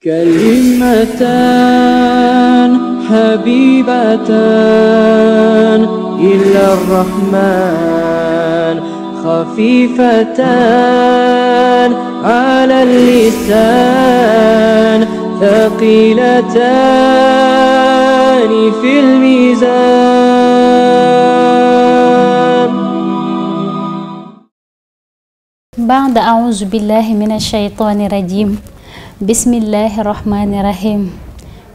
كلمتان حبيبتان إلى الرحمن خفيفتان على اللسان ثقيلتان في الميزان بعد أعوذ بالله من الشيطان الرجيم bismillahi rahmani rahim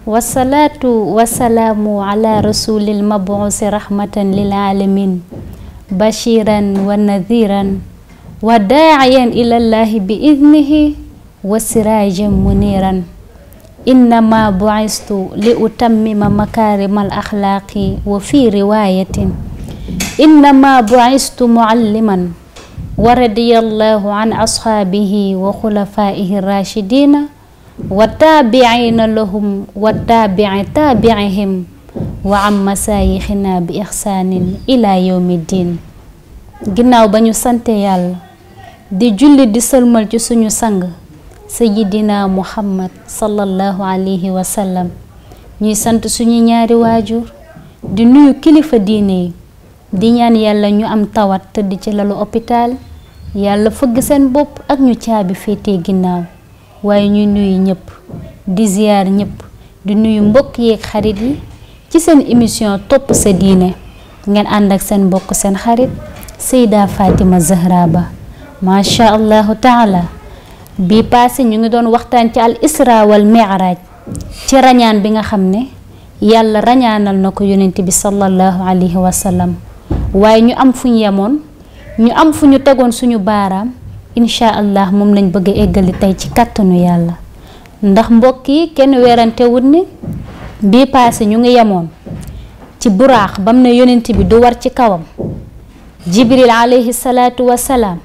wasalaatu wasalaamu ala rasulil mabuusi rahmatan lil alamin bashiran wa nadiran wa daaciyan ilallahi bi idnihi wa siraajan muniran innama buistu li utammima makaarima al axlaaqi wa fi riwaayatin innama buistu mualliman wa radiyallahu an ashaabihi wa xulafaihi rachidina wa taabiina lahum wa taabii taabiihim wa am masaayixina bi ixsaanin ila yowmi ginnaaw ba ñu sante yàlla di julli di sëlmal ci suñu sang sayidina muhammad sallallahu alayhi wa sallam ñuy sant suñu ñaari waajur di nuyu kilifa diine yi di ñaan yàlla ñu am tawat tëdd ci lalu opitaal yàlla fëgg seen bopp ak ñu caabi féetee ginnaaw waaye ñuy nuyu ñëpp di ziyaar ñëpp di nuyu mbokk yeeg xarit yi ci seen émission topp sa diine ngeen ànd ak seen mbokk seen xarit Seyda Fatima Zahra Ba macha allahu taala bi passé ñu ngi doon waxtaan ci al isra wal miraaj ci rañaan bi nga xam ne yàlla rañaanal na ko yonent bi sallallahu alayhi wa waaye ñu am fu ñu yemoon ñu am fu ñu tegoon suñu baaraam incha allah moom lañu bëgg a eggali tey ci kàttanu yàlla ndax mbokk yi kenn weerantewut ni bii paase ñu ngi yemoon ci buraax bam na yonent bi du war ci kawam jibril alayhi salaatu wasalaam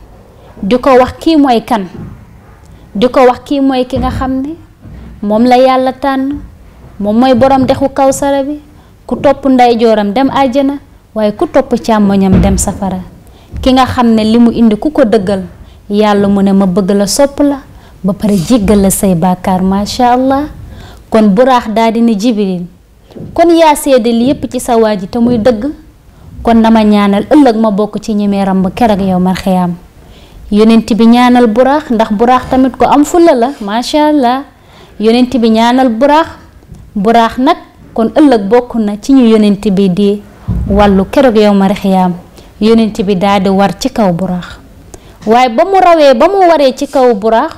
di ko wax kii di ko wax kii mooy ki nga xam ni moom la yàlla tànn moom mooy borom dexu kawsara bi ku topp ndeyjooram dem àjjana waaye ku topp càmmoñam dem safara ki nga xam ne li mu indi ku ko dëggal yàlla mu ne ma bëgg la sopp la ba pare jéggal la say bàkkaar macha allah kon buraax daal di ne kon yaa seede yépp ci sa waa ji te muy dëgg kon dama ñaanal ëllëg ma bokk ci ñemee ramb keroog yow mar xiyaam yonent bi ñaanal buraax ndax buraax tamit ko am fulla la macha allah yonent bi ñaanal buraax buraax nag kon ëllëg bokk na ci ñu yonent bi di wàllu keroog yow mar xiyaam yonent bi daal di war ci kaw buraax waaye ba mu rawee ba mu waree ci kaw buraax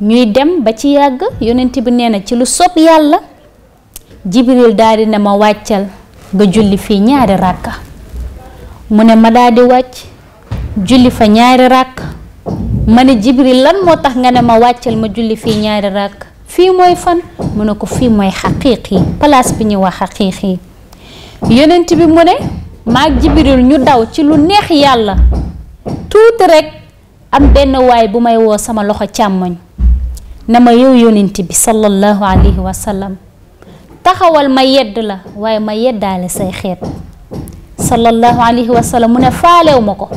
ñuy dem ba ci yàgg yonent bi nee na ci lu sob yàlla jibril daal di ne ma wàccal nga julli fii ñaari ràkka mu ne wàcc julli fa ñaari ràkk ma ne jibril lan moo tax nga ne ma wàccal ma julli fii ñaari ràkk fii mooy fan mu ne ko fii mooy xaqiiq yi bi ñuy wax xaqiiq yonent bi mu ne maag jibril ñu daw ci lu neex yàlla tuuti rek am benn waay bu may woo sama loxo càmmoñ na ma yow yonent bi sallallahu alayhi wa sallam taxawal ma yedd la waaye ma yeddaale say xeet sallallahu alayhi wa sallam mu ne faalew ma ko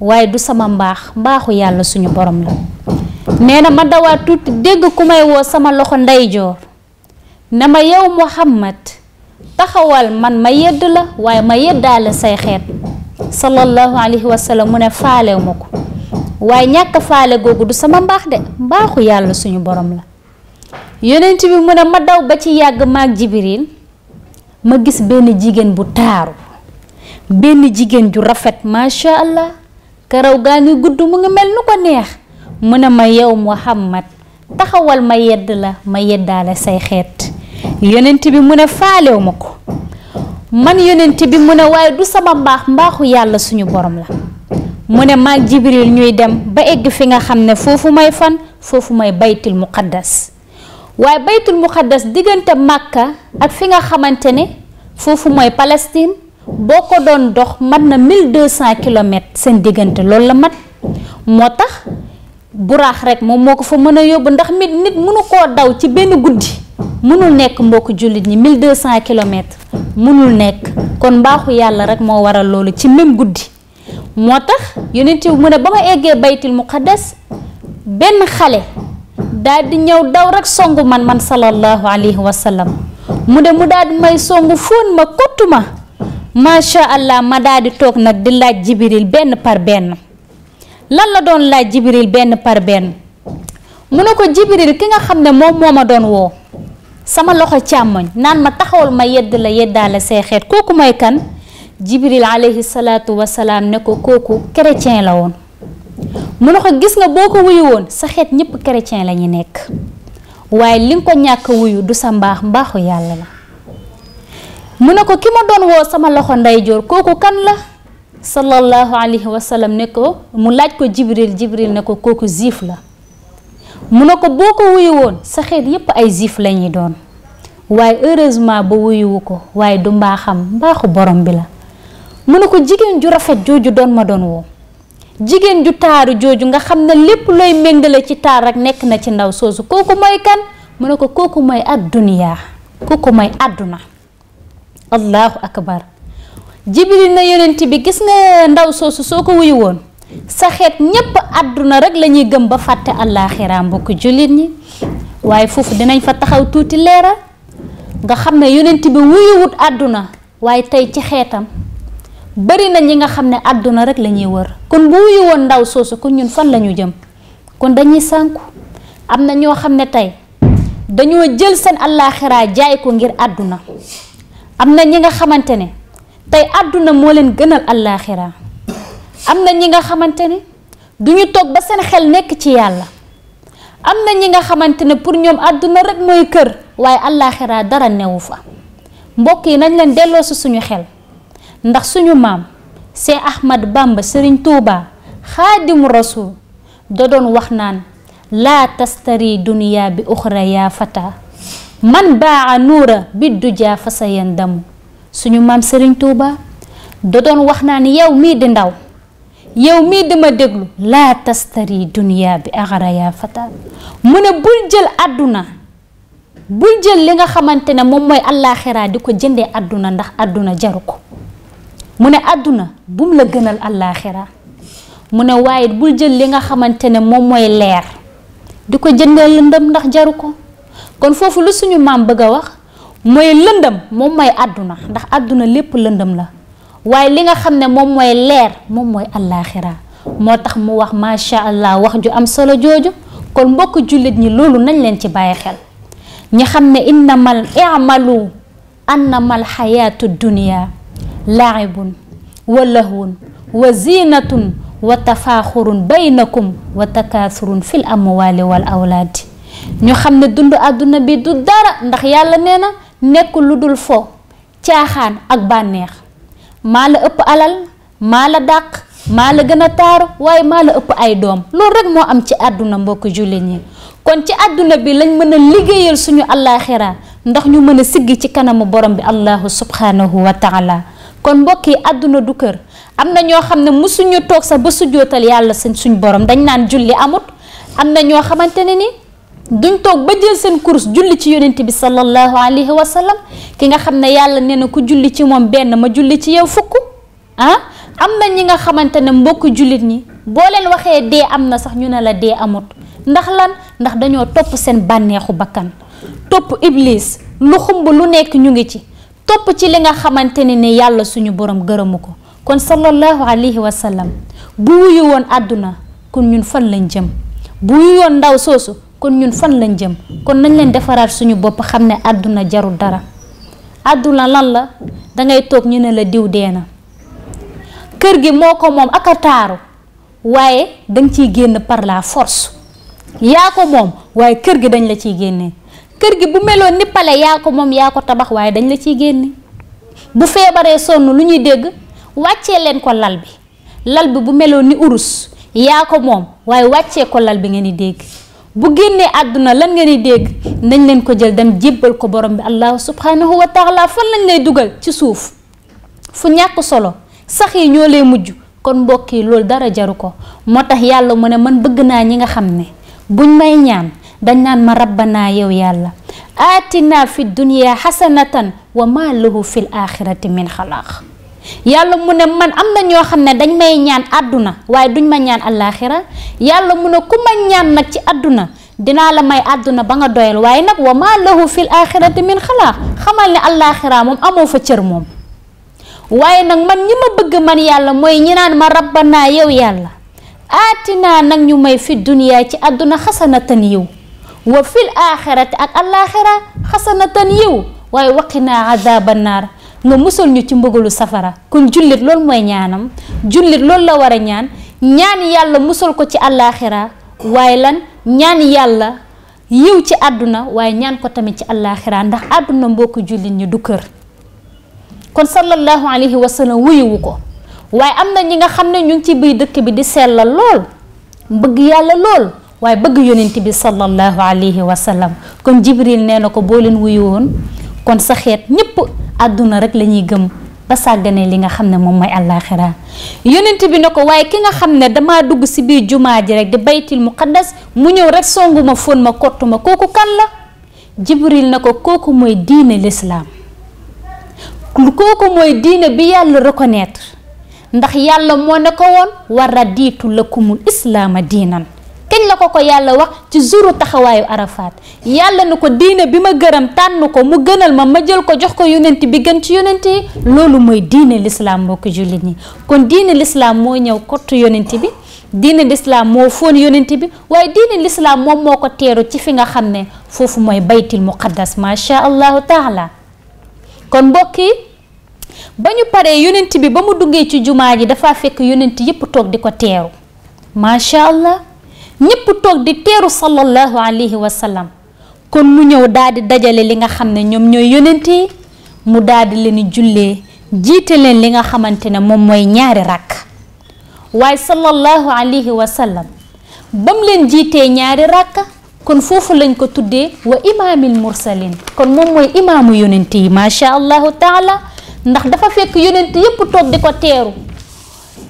waaye du sama mbaax mbaaxu yàlla suñu borom la nee na ma dawaat tuuti dégg ku may woo sama loxo ndeyjoor na ma yow Muhammad taxawal man ma yedd la waaye ma yeddaale say xeet sallallahu alayhi wa sallam mu ne faalew ma ko waaye ñàkk faale googu du sama mbaax de mbaaxu yàlla suñu borom la yonent bi mu ne ma daw ba ci yàgg maag Jibril ma gis benn jigéen bu taaru benn jigéen ju rafet macha allah karaw gaa ngi gudd mu ngi mel nu ko neex mu ne ma yow Muhammad taxawal ma yedd la ma yeddaale say xeet yonent bi mu ne faalew ma ko man yonent bi mu ne waaye du sama mbaax mbaaxu yàlla suñu borom la mu ne maag jibril ñuy dem ba egg fi nga xam ne foofu may fan foofu may baytul muqaddas waaye baytul muqaddas diggante màkka ak fi nga xamante ne foofu may Palestine boo ko doon dox mat na 1200 kilomètres seen diggante lool la mat moo tax buraax rek moom moo ko fa mën a yóbbu ndax mit nit mënu koo daw ci benn guddi mënul nekk mbokk jullit ñi 1200 kilomètres mënul nekk kon mbaaxu yàlla rek moo waral loolu ci même guddi moo tax yonent mu ne ba ma eggee baytil muqaddas benn xale dal di ñëw daw rek songu man man sallallahu alayhi wasalam mu ne mu daal di may songu fóon ma kottu ma macha allah ma daal di toog nag di laaj jibril benn par benn lan la doon laaj jibril benn par benn mu ne ko jibril ki nga xam ne moom moo ma doon woo sama loxo càmmoñ naan ma taxawul ma yedd la yeddaale say xeet kooku mooy kan jibril alayhi salaatu wasalaam ne ko kooku chrétien la woon mu ne ko gis nga boo ko wuyu woon sa xeet ñëpp chrétien lañuy nekk waaye li nga ko ñàkk wuyu du sa mbaax mbaaxu yàlla la mu ne ko ki ma doon woo sama loxo ndeyjoor kooku kan la sallallahu alayhi wa sallam ne ko mu laaj ko jibril jibril ne ko kooku siif la mu ne ko boo ko wuyu woon saxeet xeet yépp ay juif la ñuy doon waaye heureusement ba wuyuwu ko waaye du mbaaxam mbaaxu borom bi la mu ne ko jigéen ju rafet jooju doon ma doon woo jigéen ju taaru jooju nga xam ne lépp looy méngale ci taar rek nekk na ci ndaw soosu kooku mooy kan mu ne ko kooku mooy adduniyaa ko mooy àdduna allahu akbar jibril na yonent bi gis nga ndaw soosu soo ko wuyu woon sa xeet ñépp àdduna rek la ñuy gëm ba fàtte àllaaxira mbokk jullit ñi waaye foofu dinañ fa taxaw tuuti leeral nga xam ne yonent bi wuyuwut àdduna waaye tey ci xeetam bari na ñi nga xam ne àdduna rek la ñuy wër kon bu wuyu ndaw soosu ko ñun fan lañu jëm kon dañuy sanku am na ñoo xam ne tey dañoo jël seen àllaaxira jaay ko ngir àdduna am na ñi nga xamante ne tey àdduna moo leen gënal àllaaxira am na ñi nga xamante ni du ñu toog ba seen xel nekk ci yàlla am na ñi nga xamante ne pour ñoom àdduna rek mooy kër waaye àllaaxira dara newu fa mbokk yi nañ leen delloo si suñu xel ndax suñu maam see Ahmad Bamba Sëriñ Tuuba xaadimu rasul da wax naan laa duniya bi uxra fata man baa nuura bi duja fa sa yendamu suñu maam Sëriñ Tuuba da doon wax naan yow mii di ndaw yow mii dama déglu laa tastari dunia bi axara yaa mu ne bul jël àdduna bul jël li nga xamante ne moom mooy allaaxiraa di ko jëndee àdduna ndax àdduna jaru ko mu ne àdduna bum la gënal allaaxiraa mu ne waaye bul jël li nga xamante ne moom mooy leer di ko jëndee lëndëm ndax jaru ko kon foofu lu suñu maam bëgg a wax mooy lëndëm moom mooy àdduna ndax àdduna lépp lëndëm la waaye li nga xam ne moom mooy leer moom mooy allaaxira moo tax mu wax macha allah wax ju am solo jooju kon mbokk jullit ñi loolu nañ leen ci bàyyi xel ñi xam ne innamal i'malu annamal xayaatu dunia laibun wa lahwun wa ziinatun wa tafaaxurun baynakum wa takaasurun fil amwaali wal awlaadi ñu xam ne dund àdduna bi du dara ndax yàlla nee na nekk lu dul fo caaxaan ak bànneex maa la ëpp alal maa la dàq maa la gën a taaru waaye maa la ëpp ay doom loolu rek moo am ci àdduna mbokk jullit ñi kon ci àdduna bi lañ mën a liggéeyal suñu àllaaxira ndax ñu mën a sigg ci kanamu borom bi allahu subhanahu wa taala kon mbokk yi àdduna du kër am na ñoo xam ne musuñu toog sax ba sujjootal yàlla seen suñ borom dañ naan julli amut am na ñoo xamante ne nii duñ toog ba jël seen course julli ci yonent bi sallallahu alayhi wa sallam ki nga xam ne yàlla nee na ku julli ci moom benn ma julli ci yow fukk ah, am na ñi nga xamante ne mbokk jullit ñi boo leen waxee dee am na sax ñu ne la dee amut ndax lan ndax dañoo topp seen bànneexu bakkan topp iblis lu xumb lu nekk ñu ngi ci topp ci li nga xamante ne ni yàlla suñu borom gërëmu ko kon sallallahu alayhi wa sallam bu wuyu woon àdduna kon ñun fan lañ jëm bu wuyu woon soosu kon ñun fan lañ jëm kon nañ leen defaraat suñu bopp xam ne àdduna jarul dara àdduna lan la dangay toog ñu ne la diw dee na kër gi moo ko moom aka taaru waaye danga ciy génn par la force yaa ko waaye kër gi dañ la ciy génne kër gi bu meloon ni pale yaa ko moom yaa ko tabax waaye dañ la ciy génne bu feebaree sonn lu ñuy dégg wàcce leen ko lal bi lal bi bu meloon ni urus yaa ko moom waaye wàccee ko lal bi ngeen di dégg bu génnee àdduna lan nga ni dégg nañ leen ko jël dem jébbal ko borom bi allahu subhanahu wa taala fan lañ lay dugal ci suuf fu ñàkk solo sax yi ñoo lay mujj kon mbokk yi loolu dara jaru ko moo tax yàlla mu ne mën bëgg naa ñi nga xam ne buñ may ñaan dañ naan ma rabbanaa yow yàlla aatinaa fi dunya xasanatan wa ma lahu fil axirati min xalaax yàlla mu ne man am na ñoo xam ne dañ may ñaan àdduna waaye duñ ma ñaan allaaxira yàlla mu ne ku ma ñaan nag ci àdduna dinaa la may àdduna ba nga doyal waaye nag wa maa lahu fil axirati min xalaax xamal ne allaaxira moom amoo fa cër moom waaye nag man ñi ma bëgg man yàlla mooy ñi naan ma rabbanaa yow yàlla aatinaa nag ñu may fi duniyaa ci àdduna xasanatan yiw wa fil axirati ak allaaxira xasanatan yiw waaye waqinaa adaaba naar nga musal ñu ci mbugalu safara kon jullit loolu mooy ñaanam jullit loolu la war a ñaan ñaan yàlla musal ko ci àllaaxira waaye lan ñaan yàlla yiw ci àdduna waaye ñaan ko tamit ci àllaaxira ndax àdduna mbokku jullit ñi du kër kon sallallahu alayhi wa sallam wuyuwu ko waaye am na ñi nga xam ne ñu ngi ci biir dëkk bi di sellal lool yàlla lool waaye bëgg yonent bi sallallahu alayhi wa sallam ko boo leen sa xeet àdduna rek lañuy gëm ba sàgganee li nga xam ne moom mooy àllaaxira yonent bi ne ko waaye ki nga xam ne dama dugg si biir jumaa ji rek di baytil muqaddas mu ñëw rek songu ma fóon ma kottu ma kooku kan la jibril na ko kooku mooy diine lislaam kooku mooy diine bi yàlla reconnaître ndax yàlla moo ne ko woon war a diitu la kumul islaama diinan kañ la ko ko yàlla wax ci jouru taxawaayu arafaat yàlla na ko diine bi ma gërëm tànn ko mu gënal ma ma jël ko jox ko yonent bi gën ci yonent yi loolu mooy diine lislaam mbokk jullit ñi kon diine lislaam moo ñëw kottu yonent bi diine lislaam moo foon yonent bi waaye diine lislaam moom moo ko teeru ci fi nga xam ne foofu mooy baytil muqaddas macha allahu taala kon mbokk yi ba ñu paree yonent bi ba mu duggee ci jumaa ji dafa fekk yonent yépp toog di ko teeru macha allah ñépp toog di teeru sallallahu alayhi wa sallam kon mu ñëw daal dajale li nga xam ne ñoom ñooy yonent yi mu daal di leen jullee jiite leen li nga xamante ne moom mooy ñaari rakk waaye sallallahu alayhi wa sallam bam leen jiitee ñaari rakk kon foofu lañ ko tuddee wa imaamil mursalin kon moom mooy imaamu yonent yi macha allahu taala ndax dafa fekk yonent yépp toog di ko teeru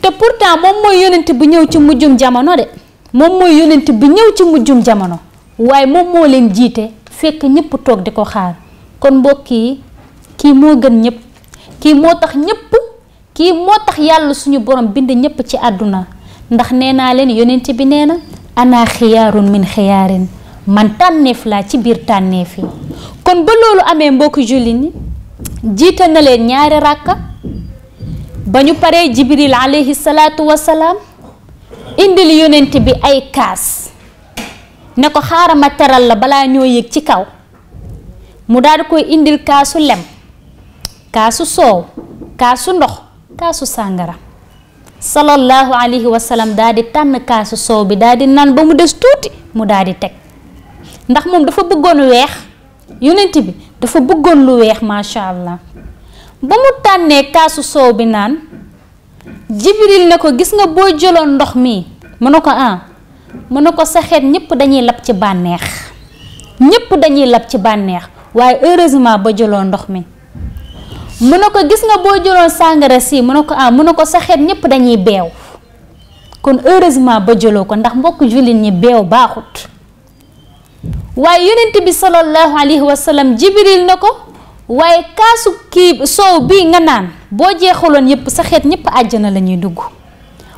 te pourtant moom mooy yonent bu ñëw ci mujjum jamono de moom mooy yonent bi ñëw ci mujjum jamono waaye moom moo leen jiite fekk ñépp toog di ko xaar kon mbokk yi kii moo gën ñëpp kii moo tax ñëpp kii moo tax yàlla suñu borom bind ñëpp ci àdduna ndax nee naa leen yonent bi nee na ana xiyaarun min xiyaarin man tànneef laa ci biir tànneef kon ba loolu amee mbokki julli ni jiital na leen ñaari ràkka ba ñu paree jibril alayhi salaatu salaam indil yonent bi ay kaas ne ko xaaral ma teral la balaa ñoo yëg ci kaw mu daal di koy indil kaasu lem kaasu soow kaasu ndox kaasu sàngara sallallahu alayhi wa sallam daal di tànn kaasu soow bi daal di naan ba mu des tuuti mu daal di teg ndax moom dafa bëggoon weex yonent bi dafa bëggoon lu weex macha allah ba mu tànnee kaasu soow bi naan jibril ne ko gis nga boo jëloon ndox mi mu ne ko ah mu ne ko sa xeet ñëpp dañuy lab ci bànneex ñëpp dañuy lab ci bànneex waaye heureusement ba jëloo ndox mi mu ne ko gis nga boo jëloon sàngara si mu ne ko ah mu ne ko sa xeet ñëpp dañuy beew kon heureusement ba jëloo ko ndax mbokk jullit ñi beew baaxut waaye yonent bi sallallahu alayhi wa sallam jibril ko waaye kaasu kii soow bii nga naan boo jeexaloon yëpp sa xeet ñëpp àjjana la ñuy dugg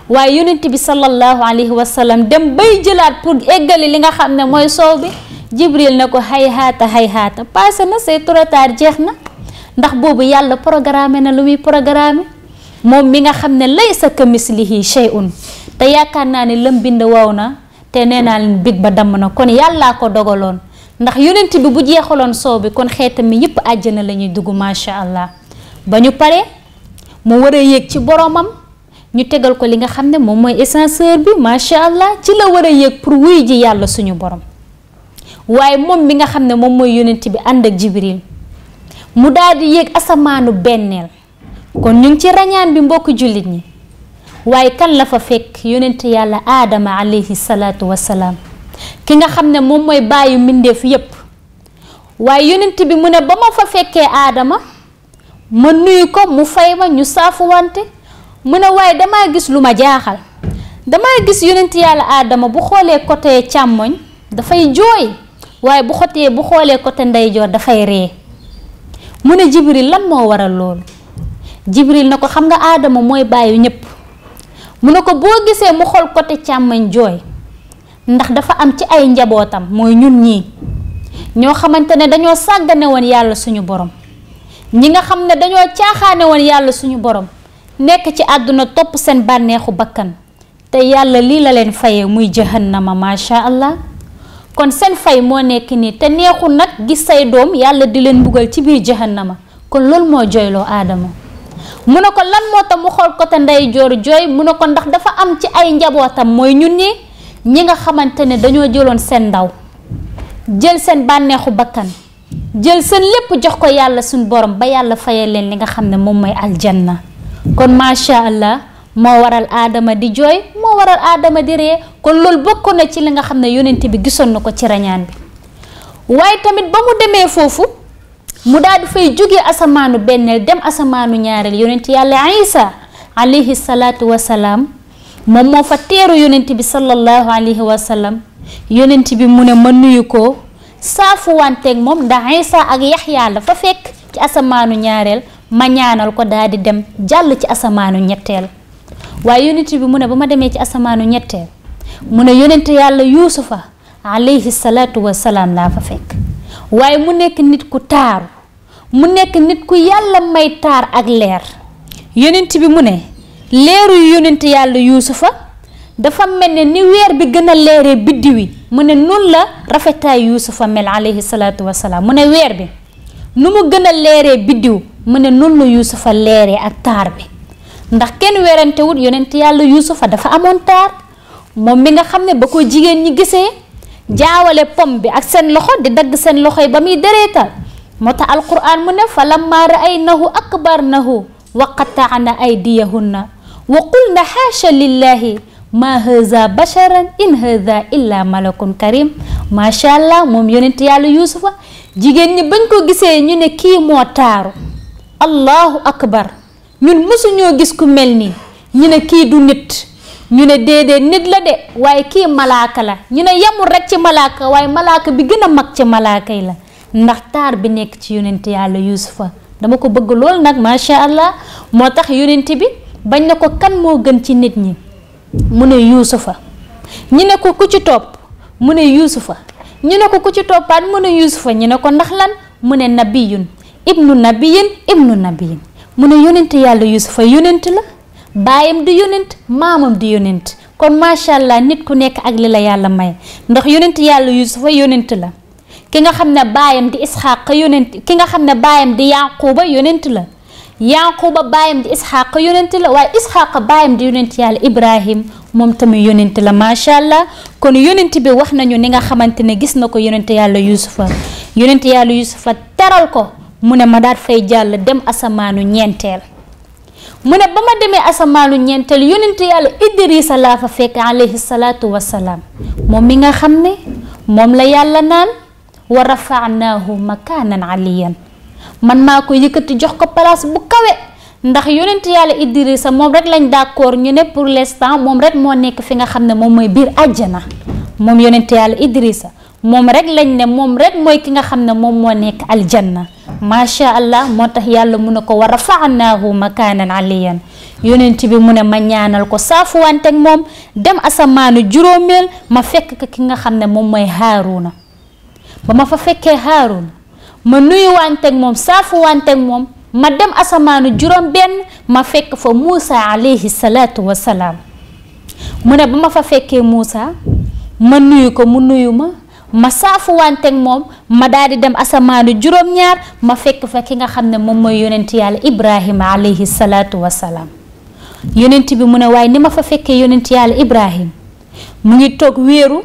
waaye yonent bi sallallahu alayhi wa sallam dem bay jëlaat pour eggali li nga xam ne mooy soow bi jibril na ko hay haata hay haata passé na c'est trop jeex na ndax boobu yàlla programme na lu muy programme moom mi nga xam ne lay laysa kamislihi shay'un te yaakaar naa ne lëm bind wow na te nee naa leen big ba damm na kon yàllaa ko dogaloon ndax yonent bi bu jeexaloon soow bi kon xeetam mi yëpp àjjana la ñuy macha allah mu war a yéeg ci boromam ñu tegal ko li nga xam ne moom mooy ascenseur bi macha allah ci la war a yéeg pour wuy ji yàlla suñu borom waaye moom mi nga xam ne moom mooy yonent bi ànd ak jibril mu daal di yéeg asamaanu benneel kon ñu ngi ci ràññaan bi mbokk jullit ñi waaye kan la fa fekk yonent yàlla aadama alayhi salaatu wasalaam ki nga xam ne moom mooy bàyyi mbindeef yépp waaye yonent bi mu ne ba ma fa fekkee aadama ma nuyu ko mu fay ma ñu saafu wante mu ne waaye damaa gis lu ma jaaxal damaa gis yonent yàlla aadama bu xoolee côté càmmoñ dafay jooy waaye bu xotee bu xoolee côté ndeyjoor dafay ree mu ne jibril lan moo waral loolu jibril na ko xam nga aadama mooy bàyyi ñépp mu ne ko boo gisee mu xool côté càmmoñ jooy ndax dafa am ci ay njabootam mooy ñun ñii ñoo xamante ne dañoo sàggane woon yàlla suñu borom ñi nga xam ne dañoo caaxaane woon yàlla suñu borom nekk ci àdduna topp seen bànneexu bakkan te yàlla lii la leen fayee muy jahannama macha allah kon seen fay moo nekk nii te neexul nag gis say doom yàlla di leen mbugal ci biir jahannama kon loolu moo jooyloo aadama mu ne ko lan moo tax mu xool ko te ndey jooy mu ne ko ndax dafa am ci ay njabootam mooy ñun ñi ñi nga xamante ne dañoo jëloon seen ndaw jël seen bànneexu bakkan jël seen lépp jox ko yàlla suñu borom ba yàlla fayal leen li nga xam ne moom mooy aljanna kon macha allah moo waral aadama di jooy moo waral aadama di ree kon loolu bokkoon na ci li nga xam ne yonent bi gisoon na ko ci reñaan bi waaye tamit ba mu demee foofu mu daal di fay jóge asamaanu benneel dem asamaanu ñaareel yonent yàlla isa alayhi salaatu wasalaam moom moo fa teeru yonent bi sallallahu alayhi wa sallam yonent bi mu ne ma nuyu ko saafuwanteeg moom ndax Isa ak Yaxya la fa fekk ci asamaanu ñaareel ma ñaanal ko daal di dem jàll ci asamaanu ñetteel waaye yonent bi mu ne ba ma demee ci asamaanu ñetteel mu ne yonent yàlla yuusufa alayhi salaatu wasalaam laa fa fekk waaye mu nekk nit ku taaru mu nekk nit ku yàlla may taar ak leer yonent bi mu ne leeru yonent yàlla yuusufa dafa mel ne ni weer bi gën a leeree biddiw yi mu ne nun la rafetaay yuusufa mel alayhi salaatu wasalaam mu ne weer bi nu mu gën a leere biddiw mu ne nun la yuusufa leeree ak taar bi ndax kenn werantewut yonent yàlla yuusufa dafa amoon taar moom mi nga xam ne ba ko jigéen ñi gisee jaawale pom bi ak seen loxo di dagg seen loxo yi ba muy dereetal moo tax alquran mu ne fa lamma raaynahu akbarnahu wa qataana aydiyahunna wa qulna xaasha lillahi ma haza basharan in haza illa malakun karim macha allah moom yonent yàlla yuusufa jigéen ñi bañ ko gisee ñu ne kii moo taaru allahu akbar ñun mësuñoo gis ku mel nii ñu ne kii du nit ñu ne déedéet nit la de waaye kii malaaka la ñu ne yemul rekk ci malaaka waaye malaaka bi gën a mag ci malaaka la ndax taar bi nekk ci yonent yàlla yuusufa dama ko bëgg loolu nag macha allah moo tax yonent bi bañ na ko kan moo gën ci nit ñi mu ne yuusufa ñu ne ko ku ci topp mu ne yuusufa ñu ne ko ku ci toppaat mu ne yuusufa ñu ne ko ndax lan mu ne nabiyun ibnu nabiyin ibnu nabiyin mu ne yonent yàlla yuusufa yonent la baayam di yonent maamam di yonent kon macha allah nit ku nekk ak li la yàlla may ndax yonent yàlla yuusufa yonent la ki nga xam ne baayam di isxaqa yonent ki nga xam ne baayam di yaquba yonent la yanquba baayam di isxaqa yonent la waaye isxaqa baayam di yonent yàlla ibrahim moom tamit yonent la macha allah kon yonent bi wax nañu ni nga xamante ne gis na ko yonent yàlla yusufa yonent yàlla yusufa teral ko mu ne ma daat fay jàll dem asamaanu ñeenteel mu ne ba ma demee asamaanu ñeenteel yonent yàlla idrisa laa fa fekk alayhi salaatu wasalaam moom mi nga xam ne moom la yàlla naan wa rafaanaahu makaanan aliyan man maa ko yëkkati jox ko place bu kawe ndax yonent yàlla Idrissa moom rek lañ koor ñu ne pour l'instant moom rek moo nekk fi nga xam ne moom mooy biir àjjana moom yonent yàlla Idrissa moom rek lañ ne moom rek mooy ki nga xam ne moom moo nekk aljanna macha allah moo tax yàlla mu ne ko wa rafaanaahu makaanan aliyan yonent bi mu ne ma ñaanal ko saafuwante ak moom dem asamaanu juróomeel ma fekk ki nga xam ne moom mooy haaruna ba ma fa fekkee haaruna ma nuyu wanteeg moom saafu wanteeg moom ma dem asamaanu juróom benn ma fekk fa Moussa alayhi salaam mu ne ma fa fekkee Moussa ma nuyu ko mu nuyu ma ma saafu wanteeg moom ma daal dem asamaanu juróom ñaar ma fekk fa ki nga xam ne moom mooy yonent yàlla Ibrahima alayhi salaatu wa salaam yonent bi mu ne waaye ni ma fa fekkee yonent yàlla Ibrahima mu ngi toog weeru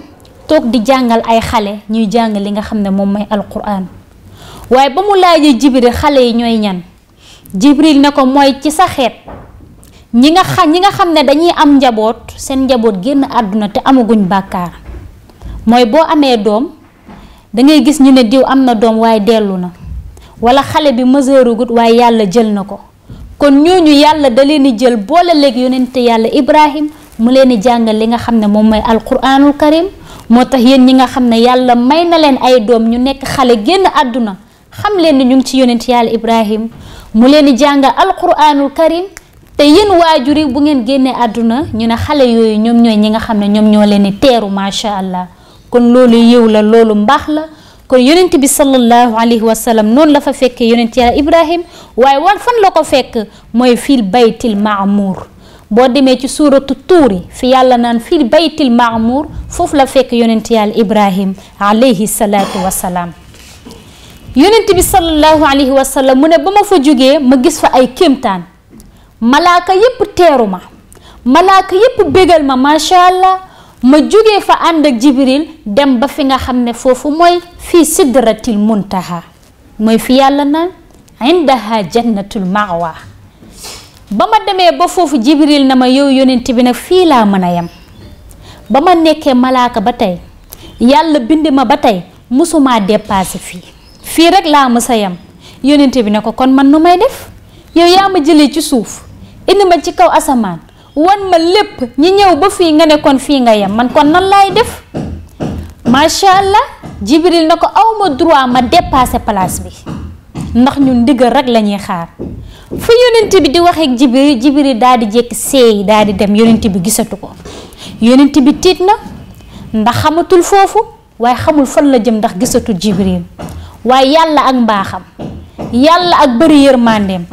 toog di jàngal ay xale ñuy jàng li nga xam ne moom mooy alquran. waaye ba mu laajee jibril xale yi ñooy ñan jibril ne ko mooy ci sa xeet ñi nga xam ñi nga xam ne dañuy am njaboot seen njaboot génn àdduna te amaguñ bàkkaar mooy boo amee doom dangay gis ñu ne diw am na doom waaye dellu na wala xale bi mesure gut waaye yàlla jël na ko kon ñooñu yàlla da leen di jël boole léegi yonente yàlla ibrahim mu leen di jàngal li nga xam ne moom mooy alquranul karim moo tax yéen ñi nga xam ne yàlla may na leen ay doom ñu nekk xale génn àdduna xam leen ni ñu ngi ci yonent yàlla Ibrahim mu leen di jàngal alquranul karim te yéen waajur yi bu ngeen génnee àdduna ñu ne xale yooyu ñoom ñooy ñi nga xam ne ñoom ñoo leen di teeru macha allah kon loolu yiw la loolu mbaax la kon yonent bi sallallahu alayhi wa sallam noonu la fa fekkee yonent yàlla Ibrahim waaye war fan la ko fekk mooy fil baytil maamuur boo demee ci suuratu tuuri fi yàlla naan fil baytil maamuur foofu la fekk yonent yàlla Ibrahim alayhi salaatu wa salaam yonent bi sallallahu alayhi wa sallam mu ne ba ma fa jógee ma gis fa ay kéemtaan malaaka yépp teeru ma malaaka yépp bégal ma macha allah ma jóge fa ànd ak jibril dem ba fi nga xam ne foofu mooy fii sidratil muntaha mooy fi yàlla naan indaha jannatul mawa ba ma demee ba foofu jibril na ma yow yonent bi nag fii laa mën a yem ba ma nekkee malaaka ba tey yàlla bind ma ba tey musumaa dépassé fii fii rek laa mës a yem yónnente bi ne ko kon man nu may def yow yaa ma jëlee ci suuf indi ma ci kaw asamaan wan ma lépp ñi ñëw ba fii nga ne kon fii nga yem man kon nan laay def macha allah jibril na ko aw ma droit ma dépassé place bi ndax ñun ndigal rek la ñuy xaar fu yónnente bi di waxee jibril jibril daal di jékki seey daal di dem yónnente bi gisatu ko yónnente bi tiit na ndax xamatul foofu waaye xamul fan la jëm ndax gisatul jibril waaye yàlla ak mbaaxam yàlla ak bëri yërmandeem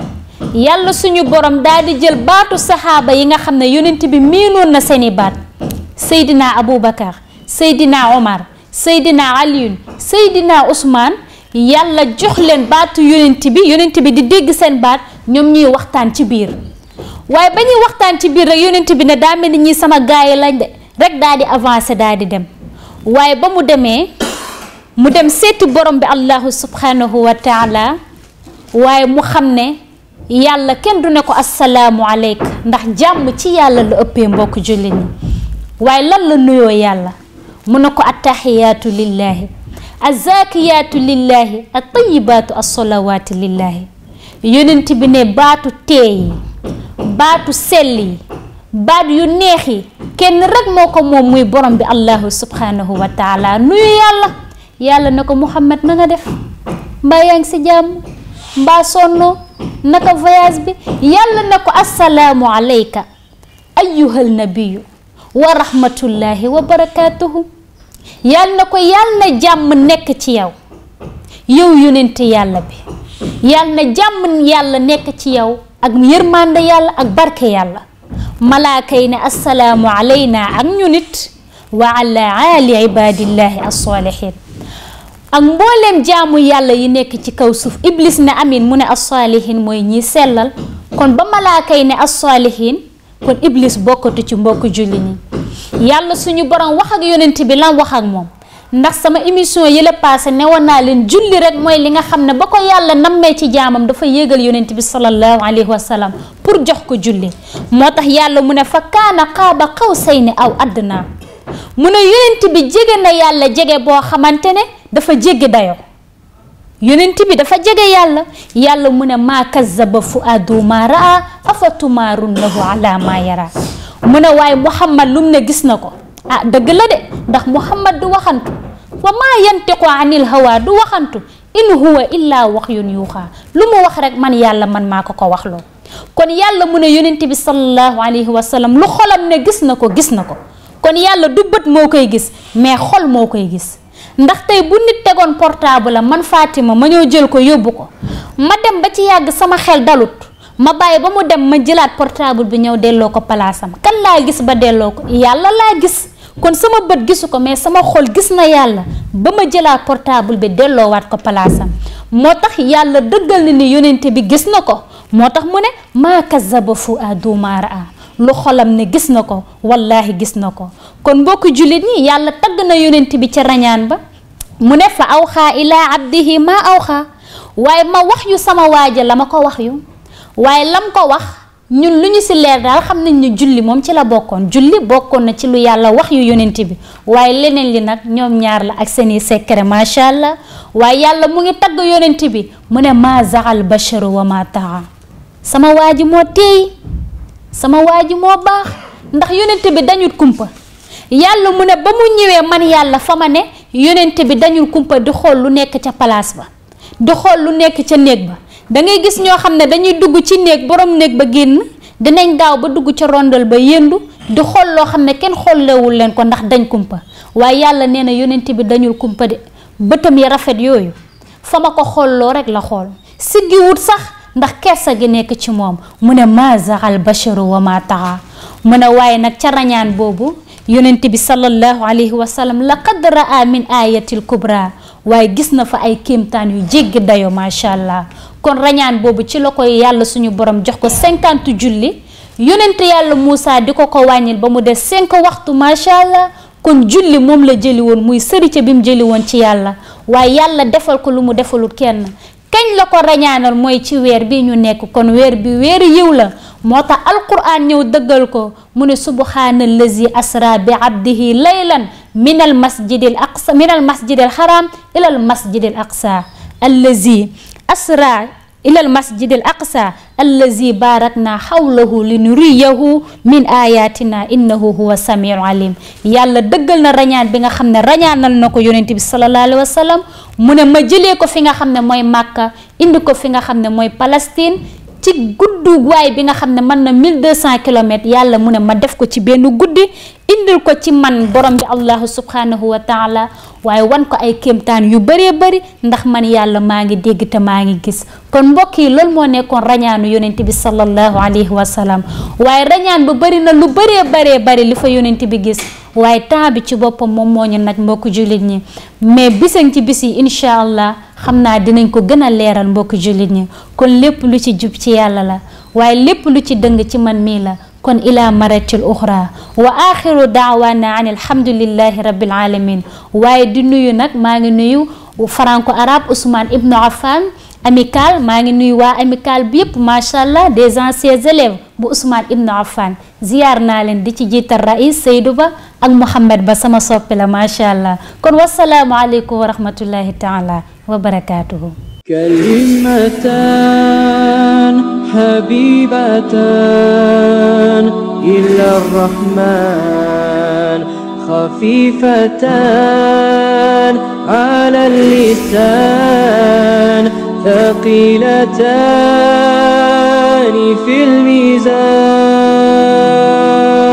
yàlla suñu borom daal di jël baatu saxaaba yi nga xam ne yonent bi miinoon na seeni baat Seydina Aboubacar Seydina Omar Seydina Aliyun Seydina Ousmane yàlla jox leen baatu yonent bi yonent bi di dégg seen baat ñoom ñuy waxtaan ci biir waaye ba ñuy waxtaan ci biir rek yonent bi ne daa mel ni ñuy sama gaay lañ de rek daal di avancé daal di dem waaye ba mu demee mu dem seeti borom bi allahu subhanahu wa taala waaye mu xam ne yàlla kenn du ne ko salaamu aleyka ndax jàmm ci yàlla la ëppee mbokk jullit ñi waaye lan la nuyoo yàlla mu ne ko attaxiyaatu lillaahi azaakiyaatu lillaahi attayibaatu assalawaatu lillaahi yonent bi ne baatu teey yi baatu sell yi yu neexi yi kenn rek moo ko moom muy borom bi allahu subhanahu wa taala nuyu yàlla yàlla na ko Mouhamed na nga def mbaa yaa si jàmm mbaa sonno naka voyage bi yàlla na ko assalaamu alayka ayyuhal nabiyu wa wa barakaatuhu yàlla na ko yàlla jàmm nekk ci yow yow yonent yàlla bi yàlla na jàmm yàlla nekk ci yow ak yërmande yàlla ak barke yàlla malaaka assalaamu alayna ak ñu nit wa ala ali ibadillahi as-salihin ak mbooleem jaamu yàlla yi nekk ci kaw suuf iblis ne amin mu ne assaalihin mooy ñi sellal kon ba laa yi ne assaalihin kon iblis bokkatu ci mbokk julli ñi yàlla suñu borom wax ak yonent bi lan wax ak moom ndax sama émission yi la passé ne woon naa leen julli rek mooy li nga xam ne ba ko yàlla nammee ci jaamam dafa yéegal yonant bi sallallahu alayhi wa sallam pour jox ko julli moo tax yàlla mu ne fa kaana qaaba qawsayni aw adnaa mu ne yonent bi boo xamante ne dafa jéggi dayoo yonent bi dafa jege yàlla yàlla mu ne maa kazzaba fuaadu maa raa afa tumaarunahu ala maa yara mu ne waaye muhammad lum ne gis na ko ah dëgg la de ndax muhammad du waxantu wa maa yantiqu anil hawa du waxantu in huwa illa waxyun yuuxaa lu mu wax rek man yàlla man maa ko ko wax loo kon yàlla mu ne yonent bi sallallahu alayhi wa lu xolam ne gis na ko gis na ko kon yàlla du bët moo koy gis mais xol moo koy gis ndax tey bu nit tegoon portable am man Fatima ma ñëw jël ko yóbbu ko ma dem ba ci yàgg sama xel dalut ma bàyyi ba mu dem ma jëlaat portable bi ñëw delloo ko palaasam kan laa gis ba delloo ko yàlla laa gis kon sama bët gisu ko mais sama xol gis na yàlla ba ma jëlaat portable bi delloowaat ko palaasam moo tax yàlla dëggal na ni yonente bi gis na ko moo tax mu ne maa ba fu a duumaara a lu xolam ne gis na ko wallaahi gis na ko kon mbokku jullit ñi yàlla tagg na yonent bi ca rañaan ba mu ne fa aw awxaa ilaa abdihi ma awxaa waaye ma wax yu sama waa waaja la ma ko wax yu waaye lam ko wax ñun lu ñu si leer daal xam nañ ne julli moom ci la bokkoon julli bokkoon na ci lu yàlla wax yu yonent bi waaye leneen li nag ñoom ñaar la ak seeni secret macha allah waaye yàlla mu ngi tagg yonent bi mu ne ma zaxal basharu wa ma taa sama waaji moo teey sama waa ji moo baax ndax yonent bi dañul kumpa yàlla mu ne ba mu ñëwee man yàlla fa ma ne yonent bi dañul kumpa di xool lu nekk ca palaas ba di xool lu nekk ca néeg ba da ngay gis ñoo xam ne dañuy dugg ci néeg borom néeg ba génn dinañ daaw ba dugg ca rondal ba yendu di xool loo xam ne kenn xoolewul leen ko ndax dañ kumpa waaye yàlla nee na yonent bi dañul kumpa de bëtam ya rafet yooyu fa ma ko xool loo rek la xool siggiwut sax ndax kersa gi nekk ci moom mu ne maa zaxal wa maa taxa mu ne waaye nag ca rañaan boobu yonent bi sallallahu alayhi wa sallam laqad raa min ayatil kubra waaye gis na fa ay kéemtaan yu jéggi dayo macha allah kon rañaan boobu ci la koy yàlla suñu borom jox ko cinquante julli yonent yàlla Moussa di ko ko wàññil ba mu des cinq waxtu macha allah kon julli moom la jëli woon muy sërica bi mu jëli woon ci yàlla waaye yàlla defal ko lu mu defalul kenn kañ la ko rañaanal mooy ci weer bi ñu nekk kon weer bi weer yiw la moo tax alquran ñëw dëggal ko mu ne subhaana lazi asra bi abdihi laylan min al masjidil aqsa min al masjidil haram ila al masjidil aqsa allazi asra ilal masjidil aqsa allazi barakna xawlahu li nuriyahu min ayatina innahu huwa samiu alim yàlla dëggal na rañaan bi nga xam ne rañaanal na ko yonent bi sallallahu alayhi wa sallam mu ne ma jëlee ko fi nga xam ne mooy makka indi ko fi nga xam ne mooy palestine ci guddu waay bi nga xam ne man na 1200 kilomètres yàlla mu ne ma def ko ci benn guddi indil ko ci man borom bi allahu subhanahu wa taala waaye wan ko ay kéemtaan yu bëree bëri ndax man yàlla maa ngi dégg te maa ngi gis kon mbokk yi loolu moo nekkoon rañaanu yonent bi sallallahu alayhi wa salaam waaye rañaan ba bëri na lu bëree bëree bëri li fa yonent bi gis waaye temps bi ci boppam moom moo ngi nag mbokk jullit ñi mais bisan ci bis yi allah xam naa dinañ ko gën a leeral mbokk jullit ñi kon lépp lu ci jub ci yàlla la waaye lépp lu ci dëng ci man mii la kon ila maratil uxra wa axiru naa an alhamdulillahi rabbil alamin waaye di nuyu nag maa ngi nuyu franco arabe Ousmane Ibn Affan amical maa ngi nuyu waa amical bi yëpp macha allah des anciens élèves bu Ousmane Ibn Affan ziyaar naa leen di ci jiital Raïs Seydou Ba ak Mouhamed Ba sama soppi la macha allah kon wasalaamualeykum wa rahmatullahi taala wa barakaatuhu kalimatan habibatan ila rahman khafifatan ala lisan ثقيلتان في الميزان